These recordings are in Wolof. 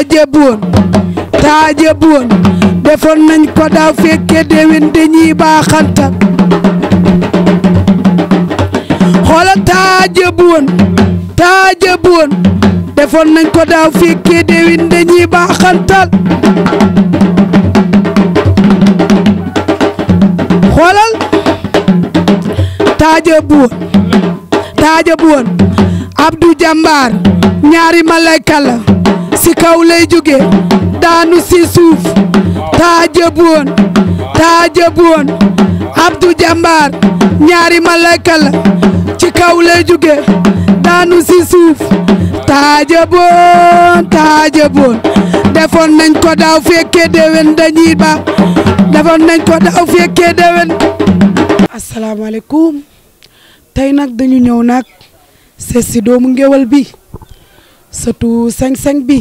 taajab woon taajab woon defoon nañ ko daaw fekke déwén dañuy baaxantal xoolal taajab woon taajab woon defoon nañ ko daaw fekke déwén dañuy baaxantal xoolal taajab woon taajab woon Abdou Jambar ñaari malayka la si kaw lay jóge daanu si suuf taajëb woon taajëb woon ñaari malayka la ci kaw lay jóge daanu si suuf taajëb woon taajëb defoon nañ ko daaw fekkee déwén dañuy ba defoon nañ ko daaw fekkee déwén asalaamaaleykum tey nag dañu ñëw nag seet si doomu ngéwal bi sëtu seng bi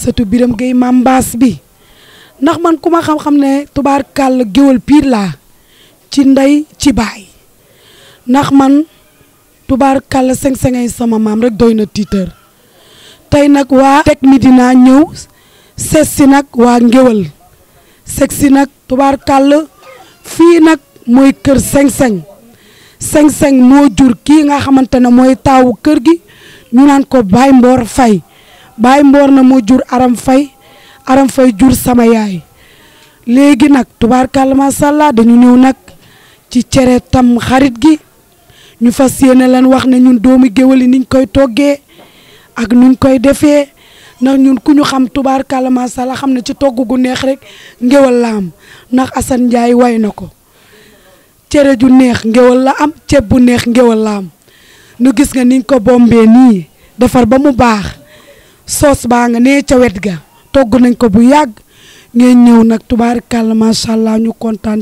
sëtu biram géy mambaas bi ndax man ku ma xam-xam ne tubaar kàll géwal piir laa ci ndey ci baay ndax man tubaar kàll seng-sengay sama maam rek doy na tiitër tey nag waa teg mi dinaa ñëw sees nag waa ngéwal seeg si nag tubaar kàll fii nag mooy kër seng-seng seng-seng moo jur kii nga xamante ne mooy taawu kër gi ñu naan ko baay Mboor Faye baay Mboor na moo jur Aram Faye Aram Faye jur sama yaay léegi nag tubaar macha allah dañu ñëw nag ci cere tam xarit gi ñu fas yéene leen wax ne ñun doomi géwël yi niñ koy toggee ak nuñ koy defee ndax ñun ku ñu xam tubaar macha allah xam ne ci togg gu neex rek ngéwël la am ndax Assane Ndiaye way na ko cere ju neex ngéwël la am ceeb bu neex ngéwël la am. nu gis nga niñ ko bombé ni defar ba mu bax soos ba nga nee ca wét ga togg nañ ko bu yàgg ngeen ñëw nag tubaarikàlla macha ñu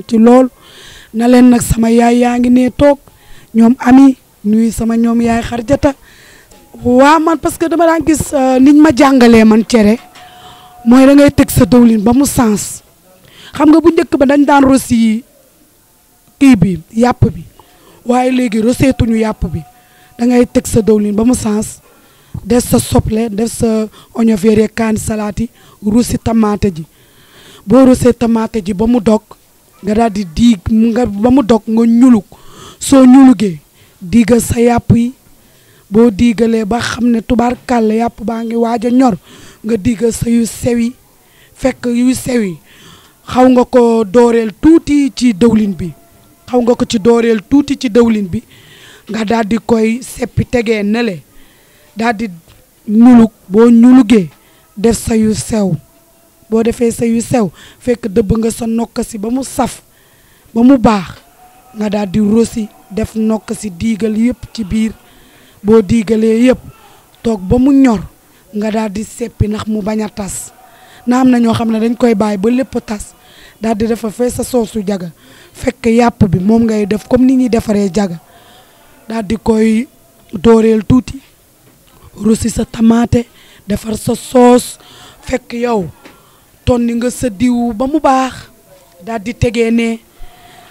ci lool na len nak sama yaay yaa ngi nyom toog ami nuy sama ñom yaay xarjata wa man parce que dama daan gis euh, niñ ma jangalé man cere moy da ngay tek sa dowlin ba mu sens xam nga bu ñëk ba dañ daan rosi ki bi yap bi yap bi da ngay teg sa dëwlin ba mu sens def sa soble def sa oignon vert yeeg kaani salaat ruusi tamaate ji boo ruusee tamaate ji ba mu dog nga daal diig nga ba mu dog nga ñulug soo ñulugee diigal sa yàpp yi boo diigalee ba xam ne tubaar kàll yàpp baa ngi waaj a ñor nga diigal sa yu sew yi fekk yu sew yi xaw nga ko dooreel tuuti ci dëwlin bi xaw nga ko ci dooreel tuuti ci dëwlin bi nga daal di koy seppi tegee nele daal di ñulug boo ñulugee def sa yu sew boo defee sa yu sew fekk dëbb nga sa nokk ba mu saf ba mu baax nga daal di rosi def nokasi si diigal yëpp ci biir boo diigalee yëpp toog ba mu ñor nga daal di seppi ndax mu bañ a tas na am na ñoo xam ne dañ koy bàyyi ba lépp tas daal di fee sa soosu jaga fekk yàpp bi moom ngay def comme ni ñuy defaree jaga daal koy dooreel tuuti rosi sa tamaate defar sa soos fekk yow ton ni nga sa diw ba mu baax daal tegee ne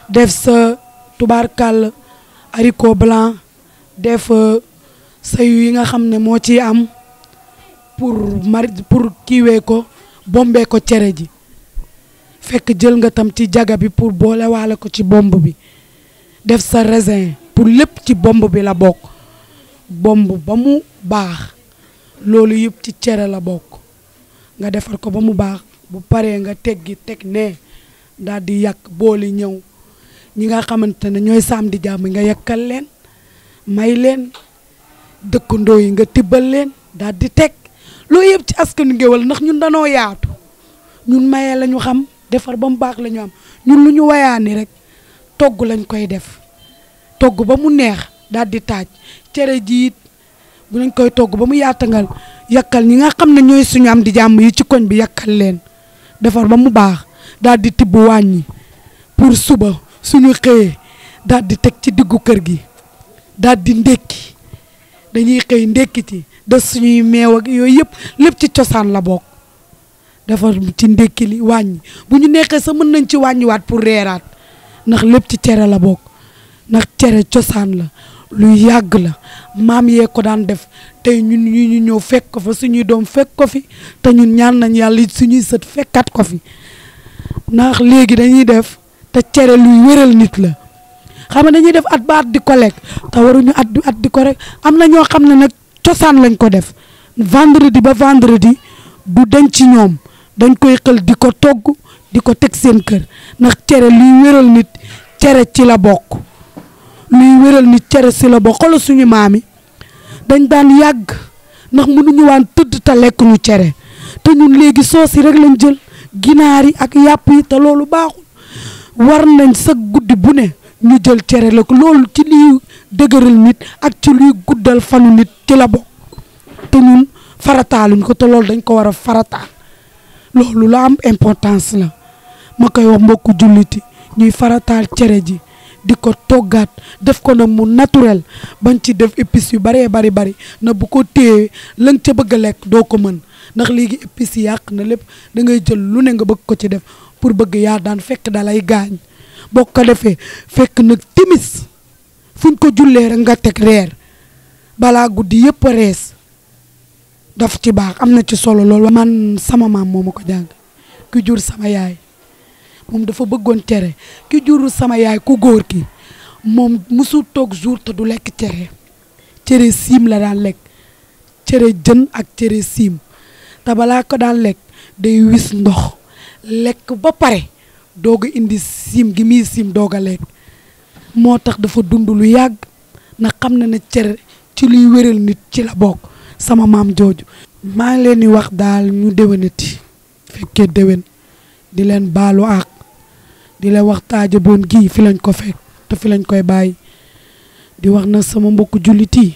def sa tubaarkàll ariko blanc def euh, sayu yi nga xam ne moo ci am pour mari pour kiiwee ko bombee ko cere ji fekk jël nga tam ci jaga bi pour boolewaale ko ci bomb bi def sa raisin pour lepp ci bomb bi la bok bomb ba mu bax lolou yep ci téré la bok nga defar ko ba mu bax bu paré nga téggi ték ne dal di bo booli ñew ñi nga xamantene ñoy samedi jamm di nga yakal leen may leen dekk ndoy nga tibbal leen dal di ték lo yep ci askanu ngeewal nak ñun danoo yaatu ñun mayé la xam defar ba mu bax la am ñun lu ñu rek togg lañ koy def togg ba mu neex daal di taaj cere ji it bu nañ koy togg ba mu yaatangal yàkkal ñi nga xam ne ñooy suñu am di jàmm yi ci koñ bi yàkkal leen defar ba mu baax daal di tibb wàññi pour suba suñu xëyee daal di teg ci diggu kër gi daal di ndékki dañuy xëy ndékkiti des suñuy meew ak yooyu yëpp lépp ci cosaan la bokk defar ci ndekki li wàññi bu ñu nekkee sa mën nañ ci wàññiwaat pour reeraat ndax lépp ci cere la bokk nag cere cosaan la lu yàgg la maam yee ko daan def tey ñun ñu ñu ñëw fekk ko fa suñuy doom fekk ko fi te ñun ñaan nañ yàlla suñuy sët fekkat ko fi ndax léegi dañuy def te cere luy wéral nit la xam dañuy def at ba di ko waruñu at at di ko am na ñoo xam ne nag cosaan lañ ko def vendredi ba vendredi bu dañ ci ñoom dañ koy xël di ko togg di ko teg seen kër ndax cere luy wéral nit cere ci la bokk luy wéral ni cere si la ba xoolal suñu maam yi dañ daan yàgg ndax mënuñu waan tëdd te lekk ñu cere te ñun léegi soos yi rek lañ jël ginaar yi ak yàpp yi te loolu baaxul war nañ sa guddi bu ne ñu jël cere la ko loolu ci liy dëgëral nit ak ci luy guddal fanu nit ci la bokk te ñun farataaluñ ko te loolu dañ ko war a farataal loolu la am importance la ma koy wax mbokku julliti ñuy farataal cere ji diko togat def ko na mu naturel ban ci def épices yu bari bari bari na bu ko téyé lañ ci bëgg lek do ko mën nak légui épices yaq na lepp da ngay jël lu ne nga bëgg ko ci def pour bëgg ya daan fekk dalay gañ ko defé fekk nak timis fuñ ko jullé rek nga tek rër bala guddi yépp rees daf ci baax amna ci solo lool man sama mam momako jang ku jur sama yaay moom dafa bëggoon cere ki juru sama yaay ku góor ki moom musul toog jour te du lekk cere cere siim la daan lekk cere jën ak cere siim te balaa ko daan lekk day wis ndox lekk ba pare doog a indi siim gi muy siim doog lekk moo tax dafa dund lu yàgg na xam na ne cere ci luy wéral nit ci la bokk sama maam jooju maa ngi leen di wax daal ñu déwénati fekkee déwén di leen baalu àq di la wax taaja boon gii fi lañ ko fekk te fi lañ koy bàyyi di wax na sama mbokku jullit yi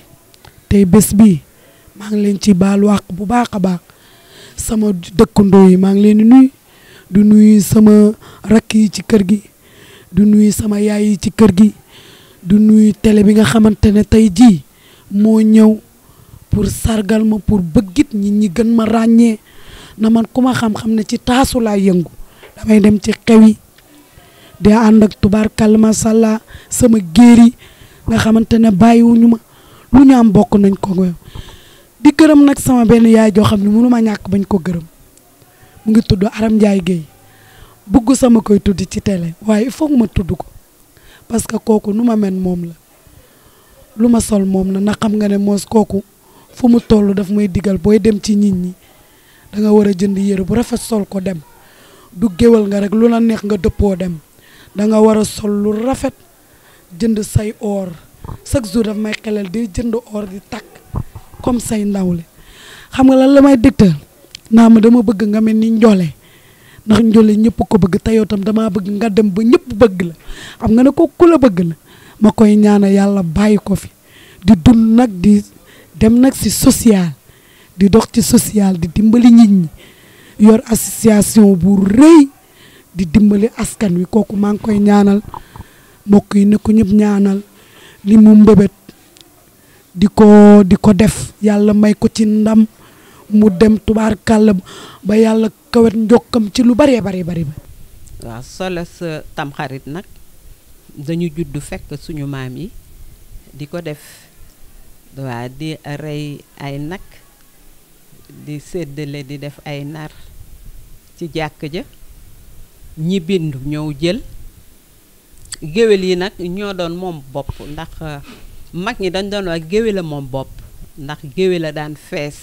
tey bés bi maa ngi leen ci baal wax bu baax a baax sama dëkkandoo yi maa ngi leen di nuyu di nuyu sama rakk yi ci kër gi du nuyu sama yaay yi ci kër gi du nuyu télé bi nga xamante ne tey jii moo ñëw pour sargal ma pour bëggit nit ñi gën ma ràññee na man ku ma xam-xam ne ci taasu laay yëngu damay dem ci xew yi di anak ak bar masàllaa sama geri nga xamantene ne bàyyiwuñu ma lu ñu am bokk nañ ko di gërëm nak sama ben yaay jo xamni ne mënu ma bañ ko gërëm mu ngi tuddu Aram jaay geey buggu sama koy tuddi ci télé waye il faut ma tuddu ko parce que koku numa men la luma sol mom na na xam nga ne mos koku fu mu tollu daf may digal boy dem ci nit ñi da nga wara jënd yëru bu rafet sol ko dem du géwal nga rek lu la neex nga depo dem da nga war a sol lu rafet jënd say or chaque jour daf may xelal di jënd or di takk comme say ndawle xam nga lan la may dégtal naa ma dama bëgg nga mel ni njoole ndax njoole ñëpp ko bëgg te yow tam damaa bëgg nga dem ba ñëpp bëgg la xam nga ne ko ku bëgg la ma koy ñaana yàlla bàyyi ko fi di dund nag di dem nag si social di dox ci social di dimbali nit yor association bu rëy di dimbali askan wi kooku maa koy ñaanal mbokk yi ne ko ñëpp ñaanal li mu mbëbët di ko di ko def yàlla may ko ci ndam mu dem tubaar kàll ba yàlla kawet njokkam ci lu bëree bari bari ba waaw sa tamxarit nag dañu judd fekk suñu maam yi di ko def waa di rey ay nag di séddale di def ay nar ci jàkk ja ñi bindu ñëw jël géwél yi nag ñoo doon moom bopp ndax euh, mag ñi dañ doon wax géwél moom bopp ndax géwél daan fees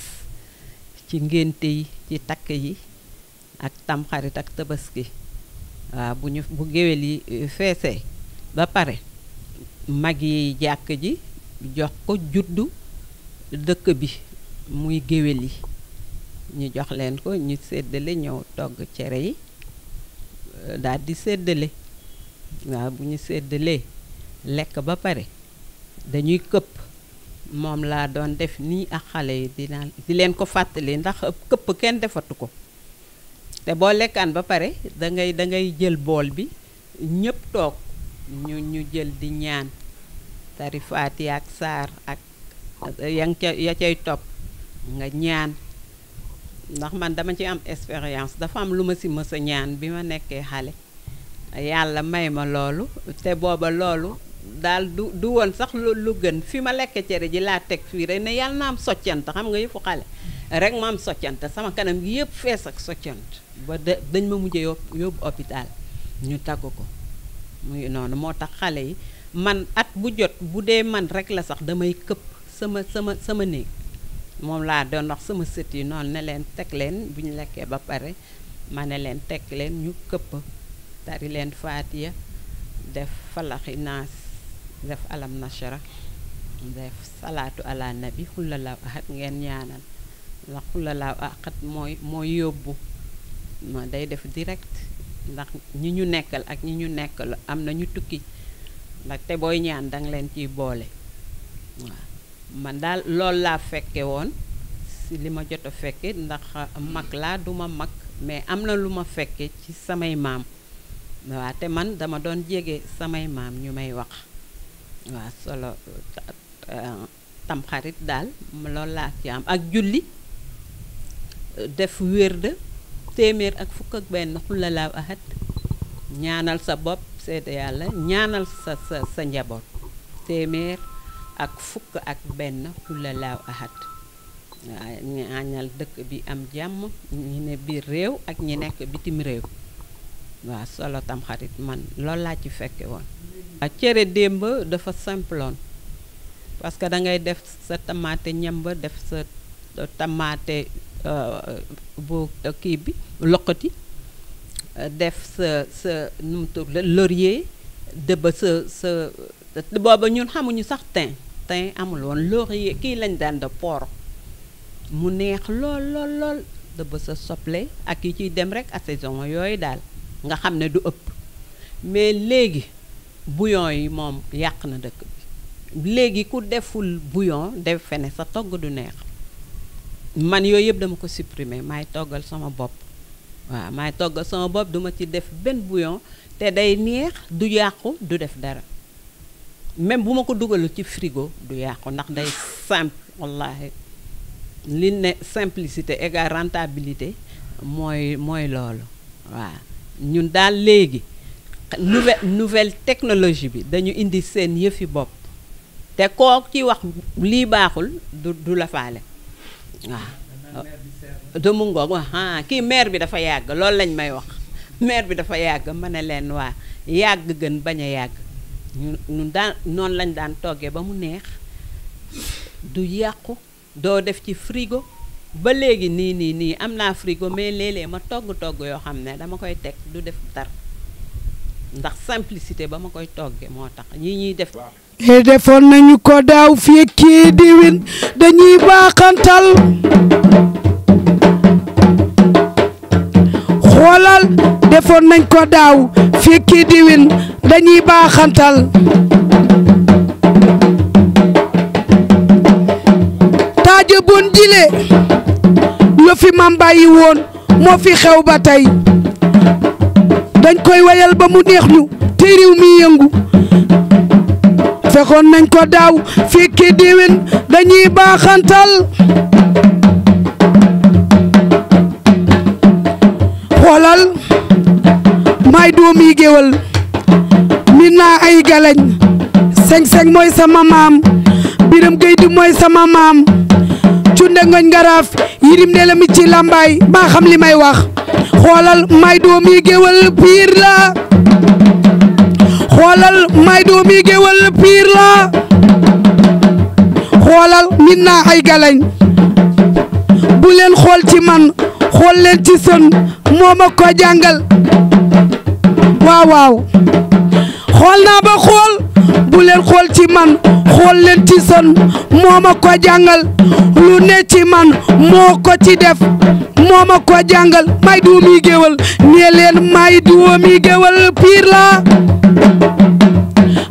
ci ngénte yi ci takk yi ak tamxarit ak tabaski waaw bu ñu bu géwél yi euh, feesee ba pare mag yi jàkk ji jox ko juddu dëkk bi muy géwél yi ñu jox leen ko ñu séddale ñëw togg cere yi Euh, daal di séddale waaw bu ñu séddalee lekk ba pare dañuy këpp moom laa doon def nii ak xale yi di di leen ko fàttali ndax këpp kenn defatu ko te boo lekkaan ba pare da dangay jël bool bi ñépp toog ñu ñu jël di ñaan tarifaati ak saar ak ya ca ya cay topp nga ñaan ndax man dama ci am expérience dafa am lu ma si mës a ñaan bi ma nekkee xale yàlla may ma loolu te booba du du woon sax lu lu gën fi ma lekk cere ji laa teg fii rek ne yàlla na am soccante xam nga yëfu xale rek ma am soccante sama kanam gi yëpp fees ak soccante ba de dañ ma mujjee yóbbu yóbbu hôpital ñu tagg ko muy noonu moo tax xale yi man at bu jot bu dee man rek la sax damay këpp sama sama sama néeg moom laa doon wax sama sët yi noonu ne leen teg leen bu ñu lekkee ba pare ma ne leen teg leen ñu këpp tari leen faatiya def falaxi naas def alam nashara def salaatu ala nabi xullalaaw axat ngeen ñaanal ndax xullalaaw axat mooy mooy yóbbu ma day def direkt ndax ñi ñu nekkal ak ñi ñu nekkal am na ñu tukki ndaxte booy ñaan danga leen ciy boole waaw man daal loolu laa fekke woon si li ma jot a fekke ndax mag laa duma mag mais am na lu ma fekke ci samay maam waaw te man dama doon jege samay maam ñu may wax waaw solo euh, tamxarit daal loolu laa ci am ak julli def wérde téeméer ak fukk ak benn xulalaaw ñaanal sa bopp seede yàlla ñaanal sa sa sa njaboot téeméer ak fukk ak benn kula laaw ahad ñu añal dëkk bi am jàmm ñi ne biir réew ak ñi nekk bitim réew waa solo tam xarit man loolu laa ci fekke woon waaw cere démb dafa simploon parce que da def sa tamaate ñamba def sa tamaate euh, bu kii bi loqati def sa sa nu mu tudd laurier dëbb sa sa booba ñun xamuñu sax tin Martin amul won laurier ki lañ daan de por mu neex lol lol lol de ba sa soble ak ci dem rek a saison yoy dal nga xam du upp mais léegi bouillon yi mom yàq na dëkk bi ku deful bouillon def fene sa togg du neex man yoy yëpp dama ko supprimer may toggal sama bop wa may toggal sama bop duma ci def ben bouillon te day neex du yàqu du def dara même bu ma ko dugalu ci frigo du yàqu ndax day simple wallaahi li ne simplicité égal rentabilité mooy mooy loolu waa ñun daal léegi nouvelle nouvelle technologie bi dañu indi seen yëfi bopp te kook ci wax lii baaxul du du la faale waaw de ngoog ah kii maire bi dafa yàgg loolu lañ may wax maire bi dafa yàgg ma ne leen waa yàgg gën bañ a yàgg ñu ñun daan noonu lañ daan toggee ba mu neex du yàqu doo def ci frigo ba léegi nii nii nii am naa frigo mais léeg-léeg ma togg togg yoo xam ne dama koy teg du def tar ndax simplicité ba ma koy toggee moo tax ñi ñuy def te defoon nañu ko daaw fii kii diwin dañuy baaxantal xoolal defoon nañ ko daaw fii kii diwin dañuy baaxantal taaje bon jile lu fi mam bàyyi woon moo fi xew ba tey dañ koy wayal ba mu neex ñu te réew mi yëngu fekkoon nañ ko daaw fekkee déwén dañuy baaxantal xoolal may doomi géwël naa ay galañ seng-seng mooy sama maam biram géy di mooy sama maam cunde ngoñ ngaraaf yirim ne ci làmbaay maa xam li may wax xoolal may doomi géwal piir la xoolal may doomi géwal piir la xoolal min naa ay galañ bu leen xool ci man xool leen ci son moo ko jàngal waaw waaw xool naa ba xool bu leen xool ci man xool leen ci son moo ma ko jàngal lu ne ci man moo ko ci def moo ma ko jàngal may doomi géwal nee leen may doomi géwal piir la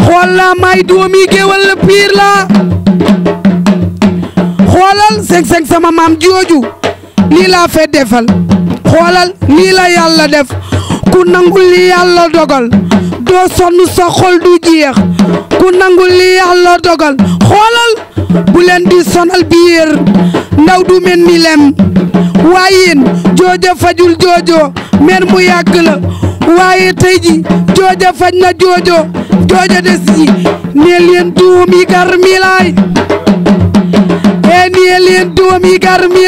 xool la may doomi géwal piir la xoolal seng-seng sama maam jooju lii laa fe defal xoolal lii la yàlla def ku nangul yàlla dogal doo sonn sa xol du jeex ku nangu li yàlla dogal xoolal bu leen sonal biir ndaw du men lem waaye jooja fajul joojo mer mu yàgg la waaye tey ji jooja faj na joojo jooja des ji nee leen doomi gar mi laay e eh, nee leen doomi gar mi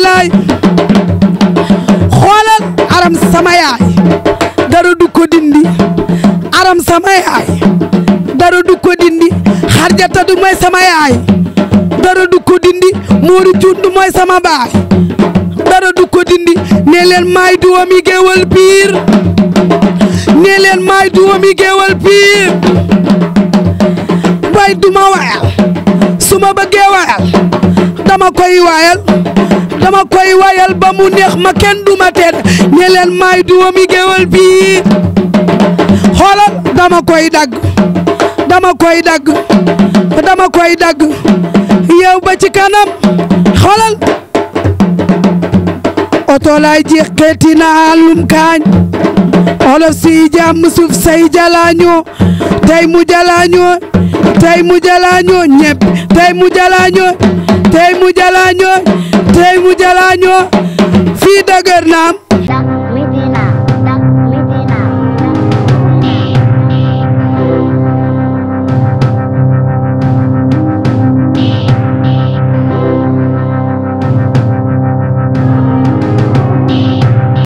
xoolal aram sama yaay dara du ko dindi aram sama yaay dara du ko dindi xarjata du mooy sama yaay dara du ko dindi muuru cuun du mooy sama baay dara du ko dindi nee leen maay duwami géwal piir nee leen maay duwami géwal piir bay duma wayal suma bëggee wayal dama koy waayal dama koy waayal ba mu neex ma kenn du ma teen ñe leen maay duwami géwél bii xoolal dama koy dagg dama koy dagg dama koy dagg yow ba ci kanam xoolal oto laay jeex xeeti naa kaañ olof si jàmm suuf say jalaañoo tey mu jalaañoo tey mu jalaañoo ñepp tey mu jalaañoo tey mu jala ñoo tey mu jala ñoo fii dëgër naam